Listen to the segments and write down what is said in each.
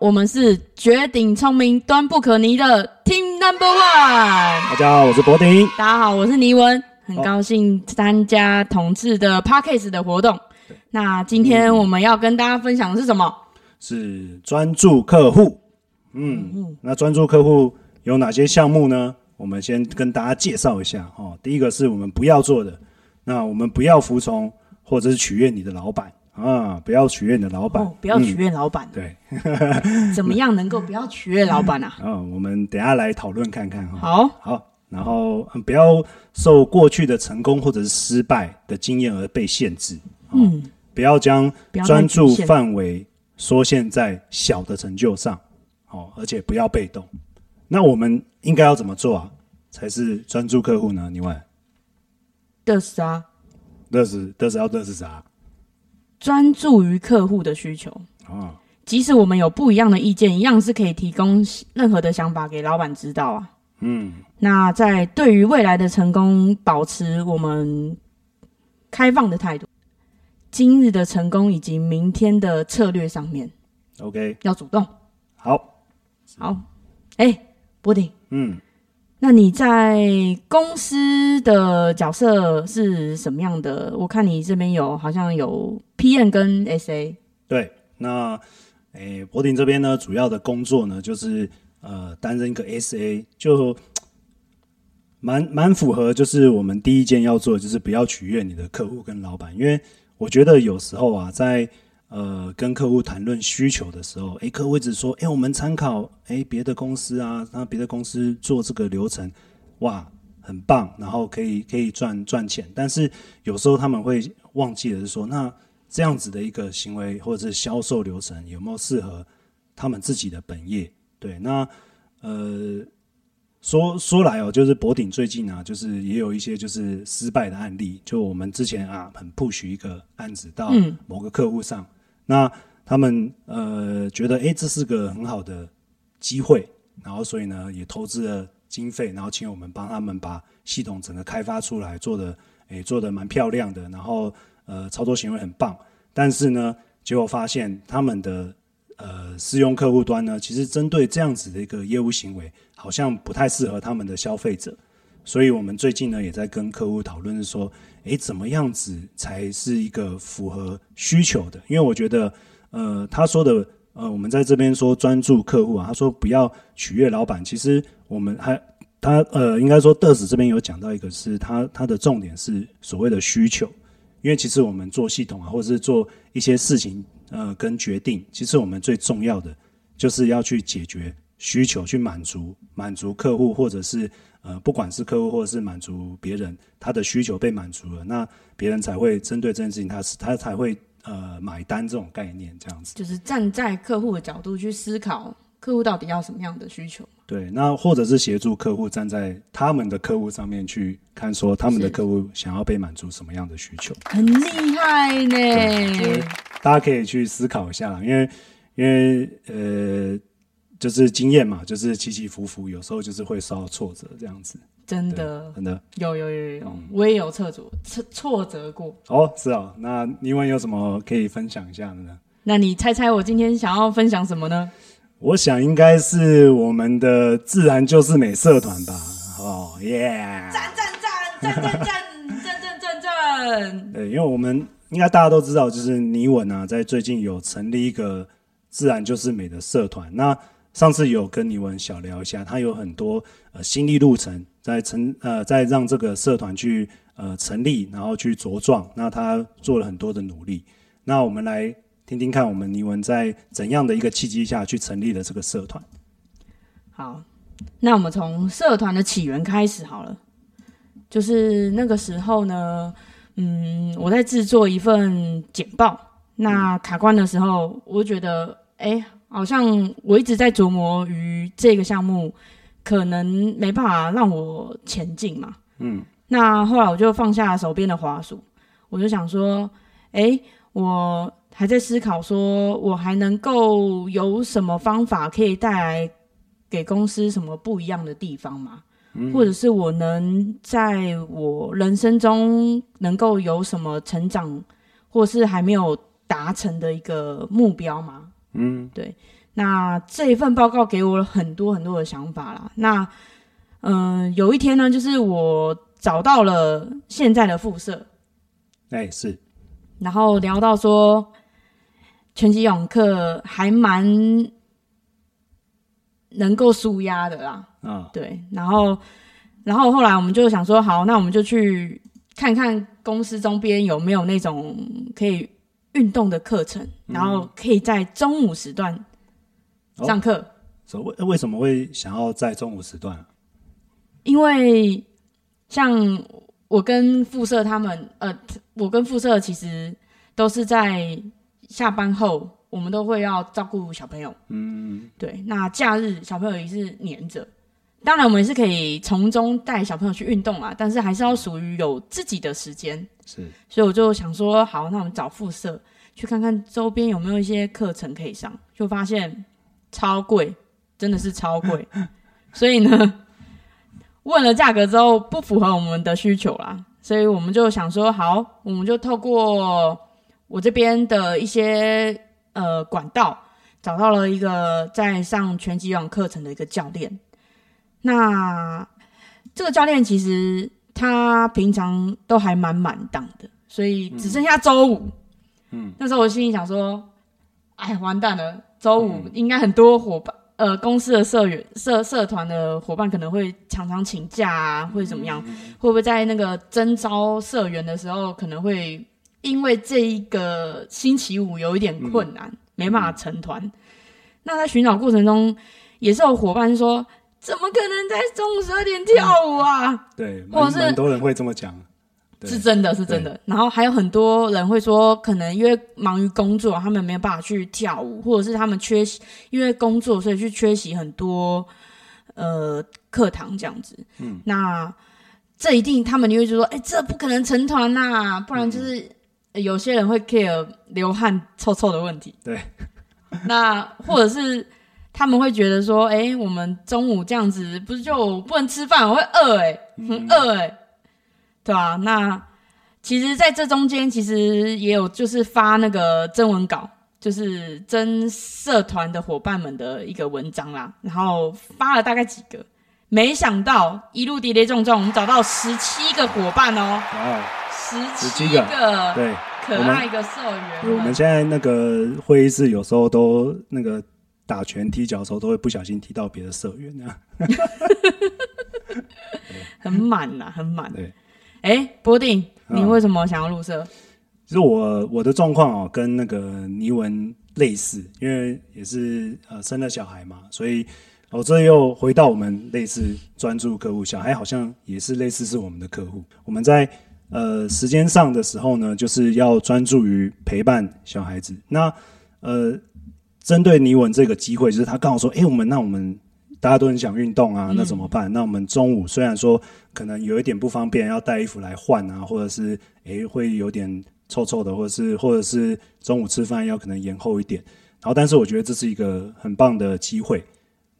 我們是絕頂聰明、端不可泥的 Team Number One。大家好，我是博廷。大家好，我是倪文。很高興參加同志的 Podcast 的活動。哦、那今天我們要跟大家分享的是什麼？嗯、是專注客戶。嗯嗯。那專注客戶有哪些項目呢？我們先跟大家介紹一下哦。第一個是我們不要做的。那我們不要服從，或者是取悅你的老板。啊！不要取悅你的老闆、哦，不要取悅老闆、嗯。對， 那怎麼樣能夠不要取悅老闆呢、啊？嗯，我們等一下來討論看看哈、哦。好好，然後、嗯、不要受過去的成功或者是失敗的經驗而被限制。哦、嗯，不要將專注範圍縮限在小的成就上。好、哦，而且不要被動。那我們應該要怎麼做啊？才是專注客戶呢？你問、啊啊？得是啥？得是，得是要得是啥？專注於客戶的需求、啊、即使我們有不一樣的意見，一樣是可以提供任何的想法給老板知道啊。嗯，那在對於未來的成功，保持我們開放的態度，今日的成功以及明天的策略上面，OK，要主動。好，好是，哎、欸，波丁，嗯。那你在公司的角色是什麼樣的？我看你這邊有好像有 PM 跟 SA。對，那誒，博鼎這邊呢，主要的工作呢就是呃，擔任一個 SA，就蠻蠻符合。就是我們第一件要做的，就是不要取悅你的客戶跟老板，因為我覺得有時候啊，在。呃，跟客戶談論需求的時候，誒，客戶一直說，哎，我們參考哎別的公司啊，那別的公司做這個流程，哇，很棒，然後可以可以賺賺錢。但是有時候他們會忘記了說，那這樣子的一個行為或者是銷售流程有沒有適合他們自己的本業？對，那呃說說來喔，就是博鼎最近啊，就是也有一些就是失敗的案例，就我們之前啊，很 push 一個案子到某個客戶上。嗯那他們呃覺得誒，這是個很好的機會，然後所以呢也投資了經費，然後請我們幫他們把系統整個開發出來，做的誒做的蠻漂亮的，然後呃操作行為很棒，但是呢結果發現他們的呃試用客戶端呢，其實針對這樣子的一個業務行為，好像不太適合他們的消費者。所以我們最近呢，也在跟客戶討論，說，誒，怎麼樣子才是一個符合需求的？因為我覺得，呃，他說的，呃，我們在這邊說專注客戶啊，他說不要取悅老闆。其實我們還他呃，應該說德斯這邊有講到一個是，是他他的重點是所謂的需求。因為其實我們做系統啊，或者是做一些事情，呃，跟決定，其實我們最重要的就是要去解決。需求去滿足，滿足客戶或者是呃，不管是客戶或者是滿足別人，他的需求被滿足了，那別人才會針對這件事情，他是他才會呃買單這種概念這樣子。就是站在客戶的角度去思考，客戶到底要什麼樣的需求？對，那或者是協助客戶站在他們的客戶上面去看，說他們的客戶想要被滿足什麼樣的需求？很厲害呢，對是大家可以去思考一下，因為因為呃。就是經驗嘛，就是起起伏伏，有時候就是會受到挫折，這樣子。真的，真的有有有有，有有有嗯、我也有挫折挫挫折過。哦，是哦。那倪文有什麼可以分享一下呢？嗯？那你猜猜我今天想要分享什麼呢？我想應該是我們的“自然就是美”社團吧。哦，耶、yeah!！讚讚讚讚讚讚讚讚讚讚！ 對，因為我們應該大家都知道，就是倪文啊，在最近有成立一個“自然就是美”的社團。那上次有跟尼文小聊一下，他有很多呃心路歷程在成呃在讓這個社團去呃成立，然後去茁壯，那他做了很多的努力。那我們來聽聽看，我們尼文在怎樣的一個契機下去成立了這個社團？好，那我們從社團的起源開始好了。就是那個時候呢，嗯，我在製作一份簡報，那卡關的時候，嗯、我就覺得哎。誒好像我一直在琢磨於這個項目，可能沒辦法讓我前進嘛。嗯，那後來我就放下手邊的滑鼠，我就想說，哎、欸，我還在思考，說我還能夠有什麼方法可以帶來給公司什麼不一樣的地方嘛？嗯，或者是我能在我人生中能夠有什麼成長，或是還沒有達成的一個目標嗎？嗯，對，那這一份報告給我了很多很多的想法啦。那，嗯、呃，有一天呢，就是我找到了現在的副社，哎、欸、是，然後聊到說，拳擊泳課還蠻能夠舒壓的啦。嗯、哦，對，然後，然後後來我們就想說，好，那我們就去看看公司周邊有沒有那種可以。運動的課程，然後可以在中午時段上課，嗯哦。所以為什麼會想要在中午時段？因為像我跟副社他們，呃，我跟副社其實都是在下班後，我們都會要照顧小朋友。嗯，對，那假日小朋友也是黏着。當然，我們也是可以從中帶小朋友去運動啊，但是還是要屬於有自己的時間。是，所以我就想說，好，那我們找副社去看看周邊有沒有一些課程可以上，就發現超貴，真的是超貴。 所以呢，問了價格之後不符合我們的需求啦，所以我們就想說，好，我們就透過我這邊的一些呃管道，找到了一個在上拳擊網課程的一個教練。那這個教練其實他平常都還蠻滿檔的，所以只剩下週五。嗯，那時候我心裡想說，哎，完蛋了，週五應該很多夥伴，嗯、呃，公司的社員、社社團的夥伴可能會常常請假啊，或者怎麼樣，嗯嗯嗯、會不會在那個徵召社員的時候，可能會因為這一個星期五有一點困難，嗯、沒辦法成團。嗯嗯、那在尋找過程中，也是有夥伴說。怎麼可能在中午十二點跳舞啊？嗯、對，或者是很多人會這麼講，是真的，是真的。對然後還有很多人會說，可能因為忙於工作，他們沒有辦法去跳舞，或者是他們缺席，因為工作所以去缺席很多呃課堂這樣子。嗯，那這一定他們就會就說，哎、欸，這不可能成團吶、啊，不然就是有些人會 care 流汗臭臭的問題。對， 那或者是。 他們會覺得說，哎、欸，我們中午這樣子不是就不能吃飯，我會餓哎、欸，很餓哎、欸，嗯、對吧、啊？那其實在這中間，其實也有就是發那個徵文稿，就是徵社團的夥伴們的一個文章啦，然後發了大概幾個，沒想到一路跌跌撞撞，我們找到十七個夥伴哦，十七個對，可愛一個社員、啊我。我們現在那個會議室有時候都那個。打拳踢腳的時候都會不小心踢到別的社員啊，很滿吶，很滿。對，哎，欸，波定，你為什麼想要入社？嗯，其實我我的狀況啊，跟那個倪文類似，因為也是呃生了小孩嘛，所以我這又回到我們類似專注客戶，小孩好像也是類似是我們的客戶。我們在呃時間上的時候呢，就是要專注於陪伴小孩子。那呃。針對你紋這個機會，就是他剛好說，哎，我們那我們大家都很想運動啊，那怎麼辦？嗯、那我們中午雖然說可能有一點不方便，要帶衣服來換啊，或者是哎會有點臭臭的，或者是或者是中午吃飯要可能延後一點。然後，但是我覺得這是一個很棒的機會，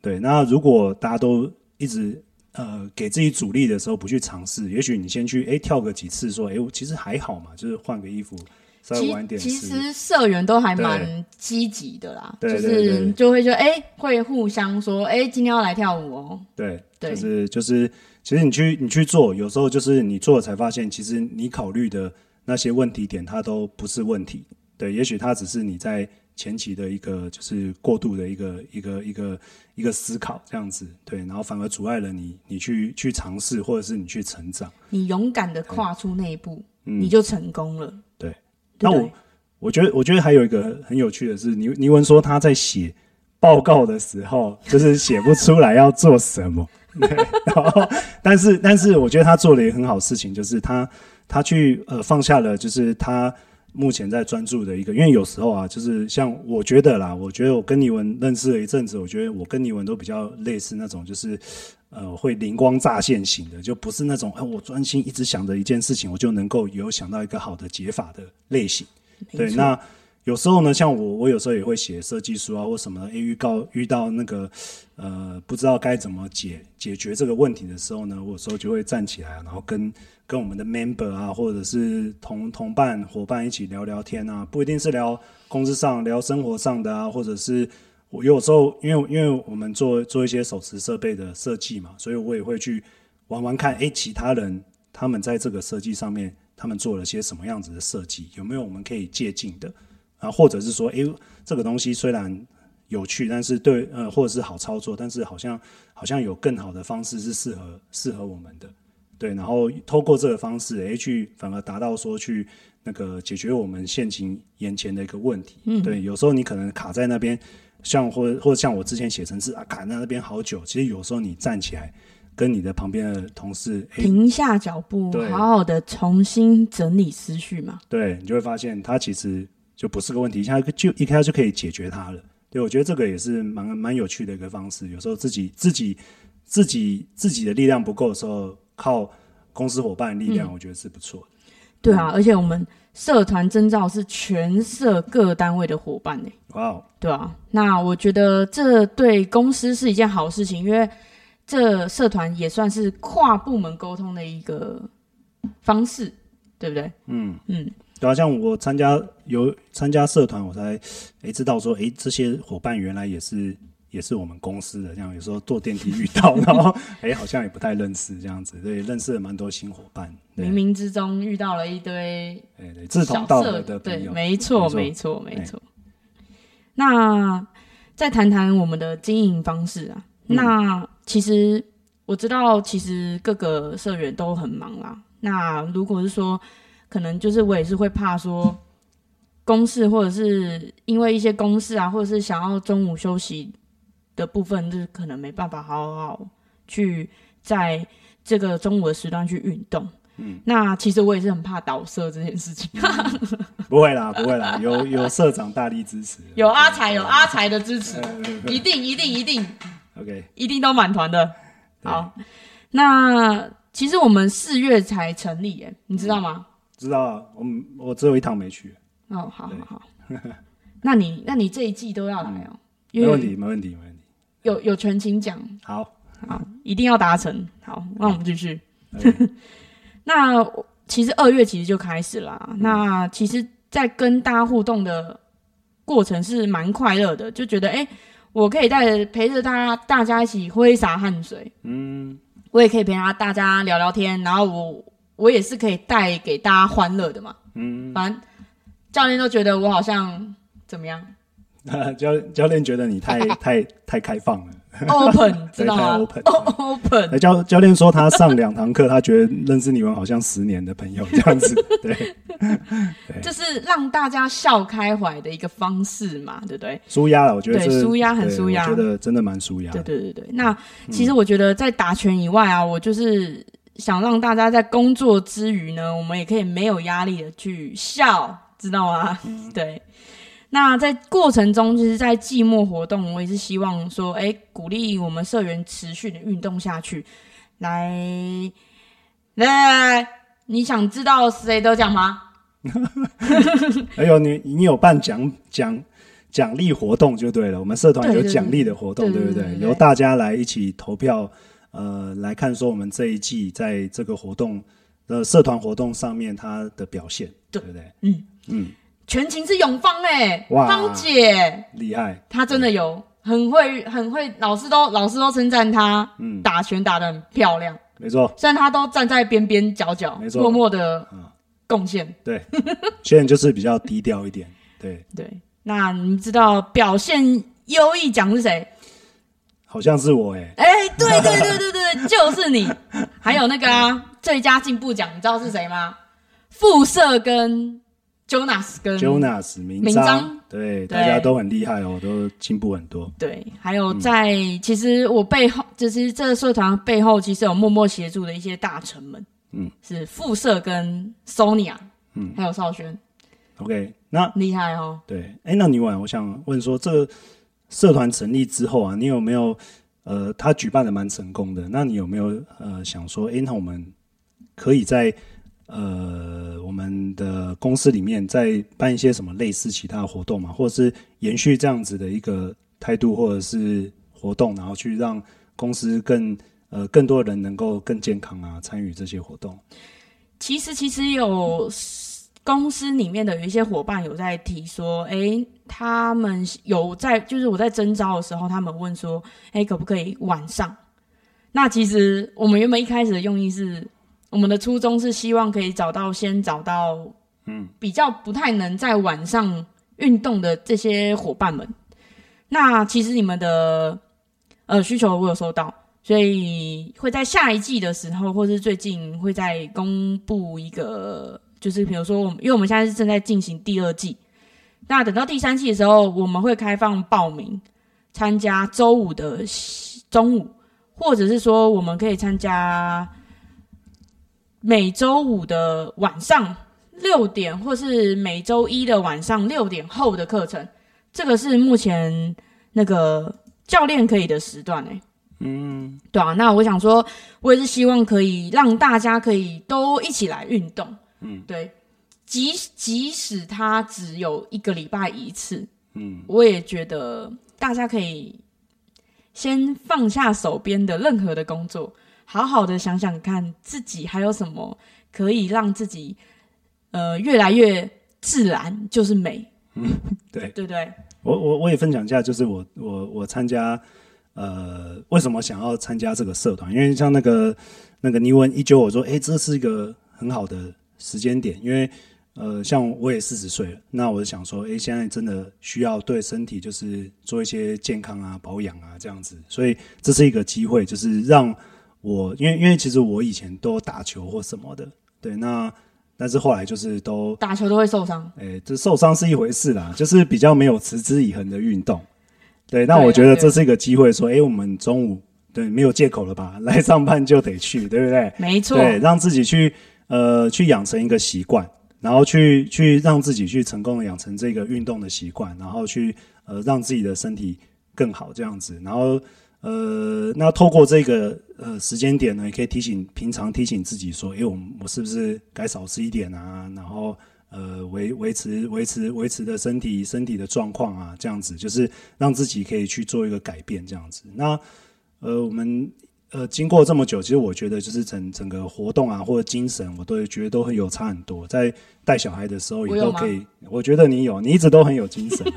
對。那如果大家都一直呃給自己阻力，的時候不去嘗試，也許你先去哎跳個幾次說，說哎其實還好嘛，就是換個衣服。其其實社員都還蠻積極的啦，對對對對，就是就會說哎、欸，會互相說哎、欸，今天要來跳舞哦。對，對就是就是，其實你去你去做，有時候就是你做了才發現，其實你考慮的那些問題點，它都不是問題。對，也許它只是你在前期的一個就是過度的一個一個一個一個思考這樣子。對，然後反而阻礙了你，你去去嘗試，或者是你去成長。你勇敢的跨出那一步，對你就成功了。嗯那我，對我覺得，我覺得還有一個很有趣的是，倪倪文說他在寫報告的時候，就是寫不出來要做什麼， 對，然後，但是，但是我覺得他做了一個很好事情，就是他他去呃放下了，就是他。目前在專注的一個，因為有時候啊，就是像我覺得啦，我覺得我跟你們認識了一陣子，我覺得我跟你們都比較類似那種，就是，呃，會靈光乍現型的，就不是那種哎、啊，我專心一直想着一件事情，我就能夠有想到一個好的解法的類型，錯對，那。有時候呢，像我，我有時候也會寫設計書啊，或什麼。哎，遇到遇到那個，呃，不知道該怎麼解解決這個問題的時候呢，我有時候就會站起來，然後跟跟我們的 member 啊，或者是同同伴伙伴一起聊聊天啊，不一定是聊工作上，聊生活上的啊，或者是我有時候，因為因為我們做做一些手持設備的設計嘛，所以我也會去玩玩看，哎，其他人他們在這個設計上面，他們做了些什麼樣子的設計，有沒有我們可以借鑑的？或者是說，哎，這個東西雖然有趣，但是對，呃，或者是好操作，但是好像好像有更好的方式是適合適合我們的，對。然後透過這個方式，哎，去反而達到說去那個解決我們現今眼前的一個問題，嗯，對。有時候你可能卡在那邊，像或或者像我之前寫程式啊，卡在那邊好久。其實有時候你站起來，跟你的旁邊的同事停下腳步，好好的重新整理思緒嘛，對，對，你就會發現它其實。就不是個問題，他就一開始就可以解決它了。對，我覺得這個也是蠻蠻有趣的一個方式。有時候自己自己自己自己的力量不夠的時候，靠公司夥伴的力量，我覺得是不錯、嗯。對啊，而且我們社團徵召是全社各單位的夥伴呢、欸。哇 Wow，對啊，那我覺得這對公司是一件好事情，因為這社團也算是跨部門溝通的一個方式，對不對？嗯嗯。嗯好像我參加有參加社團，我才、欸、知道說，欸、這些夥伴原來也是也是我們公司的這樣。有時候坐電梯遇到，然後、欸、好像也不太認識這樣子，對，認識了蠻多新夥伴。冥冥之中遇到了一堆社對，對對，志同道合的朋友，沒錯沒錯沒錯。那再談談我們的經營方式啊。嗯、那其實我知道，其實各個社員都很忙啊。那如果是說。可能就是我也是會怕說公事，或者是因為一些公事啊，或者是想要中午休息的部分，就是可能沒辦法好好好去在這個中午的時段去運動。嗯，那其實我也是很怕倒社這件事情。嗯、 不會啦，不會啦，有有社長大力支持， 有阿財有阿財的支持，一定一定一定，OK，一定都滿團的。好，那其實我們四月才成立，哎，你知道嗎？嗯知道了，我我只有一趟沒去。哦，好好好，對 那你那你這一季都要來哦、喔。嗯、有沒問題，沒問題，沒問題。有有全勤獎。好啊，一定要達成。好，那我們繼續。嗯、 那其實二月其實就開始啦、啊。嗯、那其實，在跟大家互動的過程是蠻快樂的，就覺得哎、欸，我可以帶着陪着大家大家一起揮灑汗水。嗯。我也可以陪他大家聊聊天，然後我。我也是可以帶給大家歡樂的嘛，嗯，反正教練都覺得我好像怎麼樣？教教練覺得你太、太、太開放了，open 知道嗎？open。教教練說他上兩堂課，他覺得認識你們好像十年的朋友這樣子。對，這是讓大家笑開懷的一個方式嘛，對不對？舒壓了，我覺得舒壓很舒壓，我覺得真的蠻舒壓。對對對對，那其實我覺得在打拳以外啊，我就是。想讓大家在工作之餘呢，我們也可以沒有壓力的去笑，知道嗎？嗯、對。那在過程中，就是在寂寞活動，我也是希望說，哎、欸，鼓勵我們社員持續的運動下去，來來，來來，你想知道誰得獎嗎？哈哈哎呦，你你有辦獎獎獎勵活動就對了，我們社團有獎勵的活動，對，對，對，對，對，對不對？由大家來一起投票。呃，來看說我們這一季在這個活動的社團活動上面，他的表現對不對？嗯嗯，全勤是永芳哎，芳姐厲害，他真的有很會很會，老師都老師都稱讚他，嗯，打拳打得很漂亮，沒錯。雖然他都站在邊邊角角，沒錯，默默的貢獻，對，現在就是比較低調一點，對對。那你知道表現優異獎是誰？好像是我哎哎，對對對對對，就是你。還有那個啊，最佳進步獎，你知道是誰嗎？副社跟 Jonas 跟 Jonas 明章，對，大家都很厲害哦，都進步很多。對，還有在其實我背後，就是這個社團背後其實有默默協助的一些大臣們，嗯，是副社跟 Sonia，嗯，還有少軒。OK，那厲害哦。對，哎，那你晚，我想問說這個社團成立之後啊，你有沒有呃，他舉辦的蠻成功的？那你有沒有呃，想說，欸，那我們可以在呃我們的公司裡面再辦一些什麼類似其他的活動嘛，或者是延續這樣子的一個態度或者是活動，然後去讓公司更呃更多的人能夠更健康啊，參與這些活動。其實其實有。嗯公司裡面的有一些夥伴有在提說，誒，他們有在，就是我在徵召的時候，他們問說，誒，可不可以晚上？那其實我們原本一開始的用意是，我們的初衷是希望可以找到先找到，嗯，比較不太能在晚上運動的這些夥伴們。那其實你們的呃需求我有收到，所以會在下一季的時候，或是最近會再公布一個。就是比如說，我們因為我們現在是正在進行第二季，那等到第三季的時候，我們會開放報名參加周五的中午，或者是說我們可以參加每周五的晚上六點，或是每周一的晚上六點後的課程。這個是目前那個教練可以的時段，欸，呢。嗯，對啊。那我想說，我也是希望可以讓大家可以都一起來運動。嗯，對，即即使他只有一個禮拜一次，嗯，我也覺得大家可以先放下手邊的任何的工作，好好的想想看自己還有什麼可以讓自己呃越來越自然，就是美。嗯，對， 對對。我我我也分享一下，就是我我我參加呃為什麼想要參加這個社團，因為像那個那個尼文一九，我說哎，這是一個很好的。時間點，因為呃，像我也四十歲了，那我就想說，哎，現在真的需要對身體就是做一些健康啊、保養啊這樣子，所以這是一個機會，就是讓我，因為因為其實我以前都打球或什麼的，對，那但是後來就是都打球都會受傷，哎，這受傷是一回事啦，就是比較沒有持之以恆的運動，對，那我覺得這是一個機會，說，哎，我們中午對沒有借口了吧，來上班就得去，對不對？沒錯，對，讓自己去。呃，去養成一個習慣，然後去去讓自己去成功的養成這個運動的習慣，然後去呃讓自己的身體更好這樣子。然後呃，那透過這個呃時間點呢，也可以提醒平常提醒自己說，誒，我我是不是該少吃一點啊？然後呃維維持維持維持的身體身體的狀況啊，這樣子就是讓自己可以去做一個改變這樣子。那呃我們。呃，經過這麼久，其實我覺得就是整整個活動啊，或者精神，我都覺得都很有差很多。在帶小孩的時候也都可以，我，我覺得你有，你一直都很有精神，啊，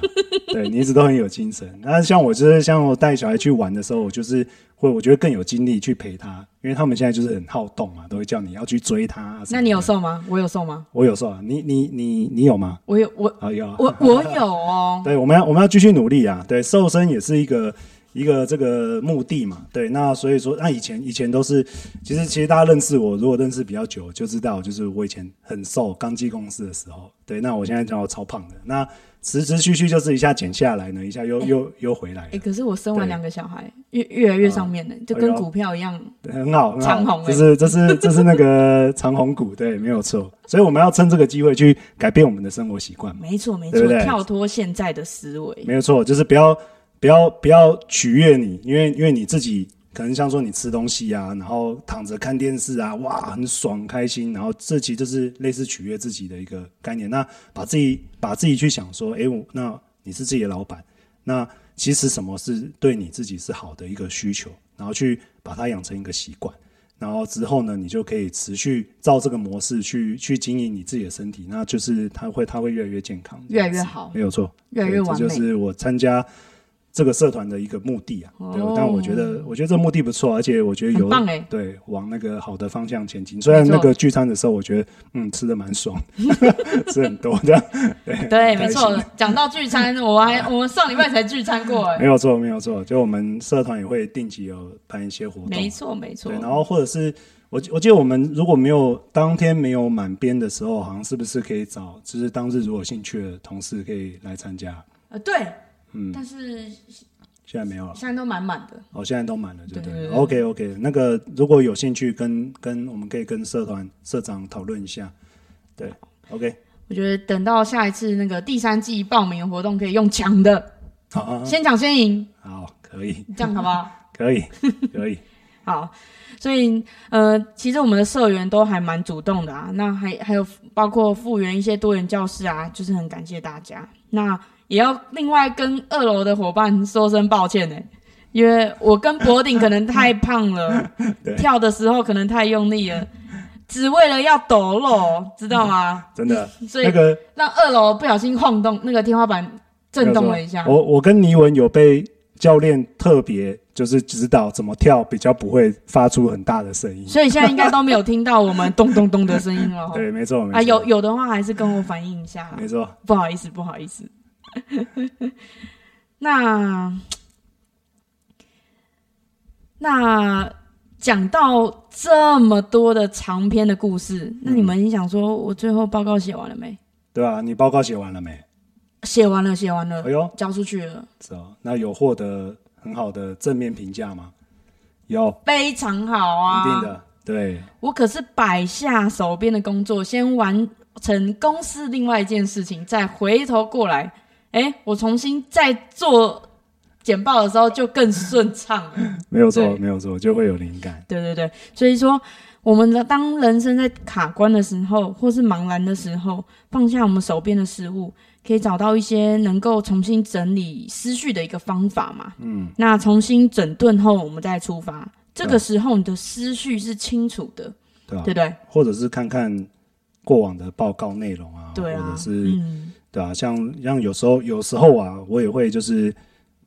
對，你一直都很有精神。那像我就是像我帶小孩去玩的時候，我就是會我覺得更有精力去陪他，因為他們現在就是很好動嘛，啊，都會叫你要去追他，啊。那你有瘦嗎？我有瘦嗎？我有瘦啊！你你你你有嗎？我有我啊，哦，有我我有哦。 對，我們要我們要繼續努力啊！對，瘦身也是一個。一個這個目的嘛，對，那所以說，那以前以前都是，其實其實大家認識我，如果認識比較久，就知道，就是我以前很瘦，剛進公司的時候，對，那我現在叫我超胖的，那持持續續就是一下減下來呢，一下又、欸、又又回來、欸。可是我生完兩個小孩，對越越來越上面了，嗯、就跟股票一樣，哎、很好，很好長紅、欸，就是就是就 是那個長紅股，對，沒有錯。所以我們要趁這個機會去改變我們的生活習慣，沒錯沒錯，沒錯對對跳脫現在的思維，沒有錯，就是不要。不要不要取悅你，因為因為你自己可能像說你吃東西啊，然後躺着看電視啊，哇，很爽開心，然後這其實就是類似取悅自己的一個概念。那把自己把自己去想說，誒、欸，我那你是自己的老闆，那其實什麼是對你自己是好的一個需求，然後去把它養成一個習慣，然後之後呢，你就可以持續照這個模式去去經營你自己的身體，那就是他會他會越來越健康，越來越好，沒有錯，越來越完美。這就是我參加。這個社團的一個目的啊，對，哦、但我覺得，我覺得這目的不錯，而且我覺得有棒、欸、對，往那個好的方向前進。雖然那個聚餐的時候，我覺得嗯，吃的蠻爽，沒錯 吃很多這樣對對，對開心沒錯。講到聚餐，我還我們上禮拜才聚餐過、欸， 沒有錯，沒有錯。就我們社團也會定期有辦一些活動，沒錯沒錯。對，然後或者是我我記得我們如果沒有當天沒有滿編的時候，好像是不是可以找就是當日如果有興趣的同事可以來參加？啊、呃，對。嗯，但是現在沒有了、啊，現在都滿滿的。哦，現在都滿了，了，對對，對對。OK OK，那個如果有興趣跟跟，跟我們可以跟社團社長討論一下。對，OK。我覺得等到下一次那個第三季報名活動可以用搶的，好、哦啊啊，先搶先贏。好，可以，這樣好不好？ 可以，可以。 好，所以呃，其實我們的社員都還蠻主動的啊。那還還有包括復原一些多元教室啊，就是很感謝大家。那。也要另外跟二樓的夥伴說聲抱歉呢，因為我跟博鼎可能太胖了， 對 跳的時候可能太用力了， 只為了要抖摟，知道嗎？嗯，真的，所以那個讓二樓不小心晃動，那個天花板震動了一下。我我跟倪文有被教練特別就是指導怎麼跳，比較不會發出很大的聲音。所以現在應該都沒有聽到我們咚咚咚的聲音了。 對，沒錯，沒錯。啊，錯有有的話還是跟我反映一下。沒錯，不好意思，不好意思。 那那講到這麼多的長篇的故事，那你們想說，我最後報告寫完了沒？嗯，對啊，你報告寫完了沒？寫完了，寫完了。哎呦，交出去了。走，那有獲得很好的正面評價嗎？有，非常好啊，一定的。對，我可是擺下手邊的工作，先完成公司另外一件事情，再回頭過來。哎，我重新再做簡報的時候就更順暢了。 沒有錯，對沒有錯，就會有靈感。對對對，所以說，我們的當人生在卡關的時候，或是茫然的時候，放下我們手邊的事物，可以找到一些能夠重新整理思緒的一個方法嘛。嗯，那重新整頓後，我們再出發。嗯、這個時候，你的思緒是清楚的，對、啊、對不對？或者是看看過往的報告內容啊，對啊或者是。嗯對啊，像像有時候有時候啊，我也會就是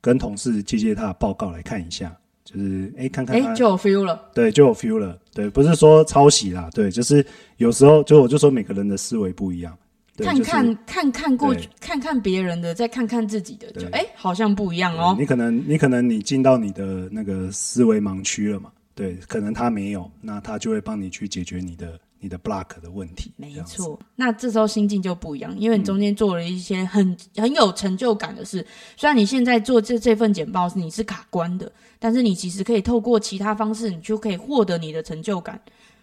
跟同事借借他的報告來看一下，就是哎看看哎就有 feel 了，feel 了，對，就有 feel 了，對，不是說抄襲啦，對，就是有時候就我就說每個人的思維不一樣，看看、就是、看看過對看看別人的，再看看自己的，就哎對好像不一樣哦，你可能你可能你進到你的那個思維盲區了嘛，對，可能他沒有，那他就會幫你去解決你的。你的 block 的問題，沒錯。這樣子，那這時候心境就不一樣，因為你中間做了一些很、嗯、很有成就感的事。雖然你現在做這這份簡報是你是卡關的，但是你其實可以透過其他方式，你就可以獲得你的成就感。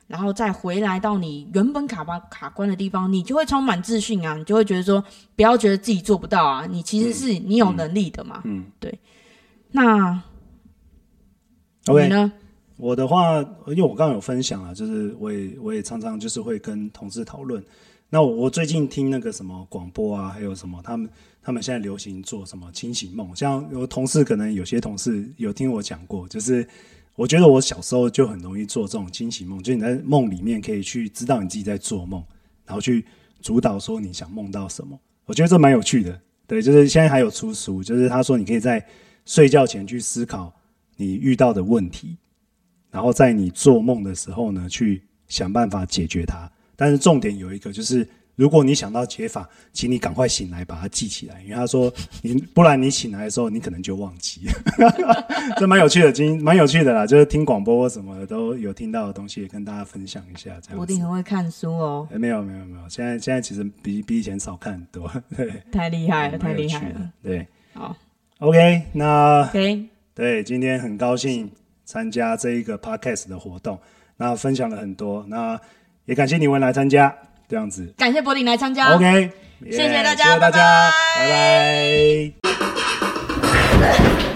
然後再回來到你原本卡巴卡關的地方，你就會充滿自信啊！你就會覺得說，不要覺得自己做不到啊！你其實是、嗯、你有能力的嘛。嗯，對。那 Okay. 你呢？我的話，因為我剛剛有分享啊，就是我也我也常常就是會跟同事討論。那我，我最近聽那個什麼廣播啊，還有什麼他們他們現在流行做什麼清醒夢？像有同事可能有些同事有聽我講過，就是我覺得我小時候就很容易做這種清醒夢，就是你在夢裡面可以去知道你自己在做夢，然後去主導說你想夢到什麼。我覺得這蠻有趣的，對。就是現在還有出書，就是他說你可以在睡覺前去思考你遇到的問題。然後在你做夢的時候呢，去想辦法解決它。但是重點有一個，就是如果你想到解法，請你趕快醒來把它記起來，因為他說你 不然你醒來的時候你可能就忘記了。 這蠻有趣的，今蠻有趣的啦，就是聽廣播什麼的都有聽到的東西，跟大家分享一下這樣子。我一定很會看書哦？沒有沒有沒有，現在現在其實比比以前少看很多。對，太厲害了，嗯、太厲害了。對，嗯、好，OK，那 o Okay. 對，今天很高興。參加這一個 Podcast 的活動，那分享了很多，那也感謝你們來參加，這樣子。感謝柏林來參加。OK，yeah, 謝謝大家，謝謝大家，拜拜。拜拜拜拜。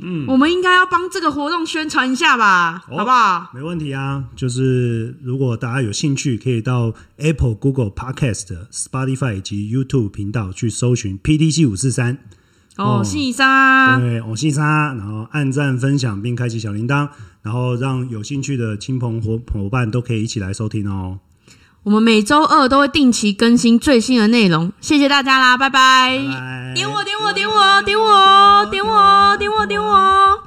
嗯，我們應該要幫這個活動宣傳一下吧，哦、好不好？沒問題啊，就是如果大家有興趣，可以到 Apple、Google、Podcast、Spotify 以及 YouTube 頻道去搜尋 PTC 五四三，哦西沙，對，我信沙，然後按讚、分享並開啟小鈴鐺，然後讓有興趣的親朋伙伙伴都可以一起來收聽哦。我們每週二都會定期更新最新的內容，謝謝大家啦，拜拜！點我，點我，點我，點我，點我，點我，點我。點我，點我。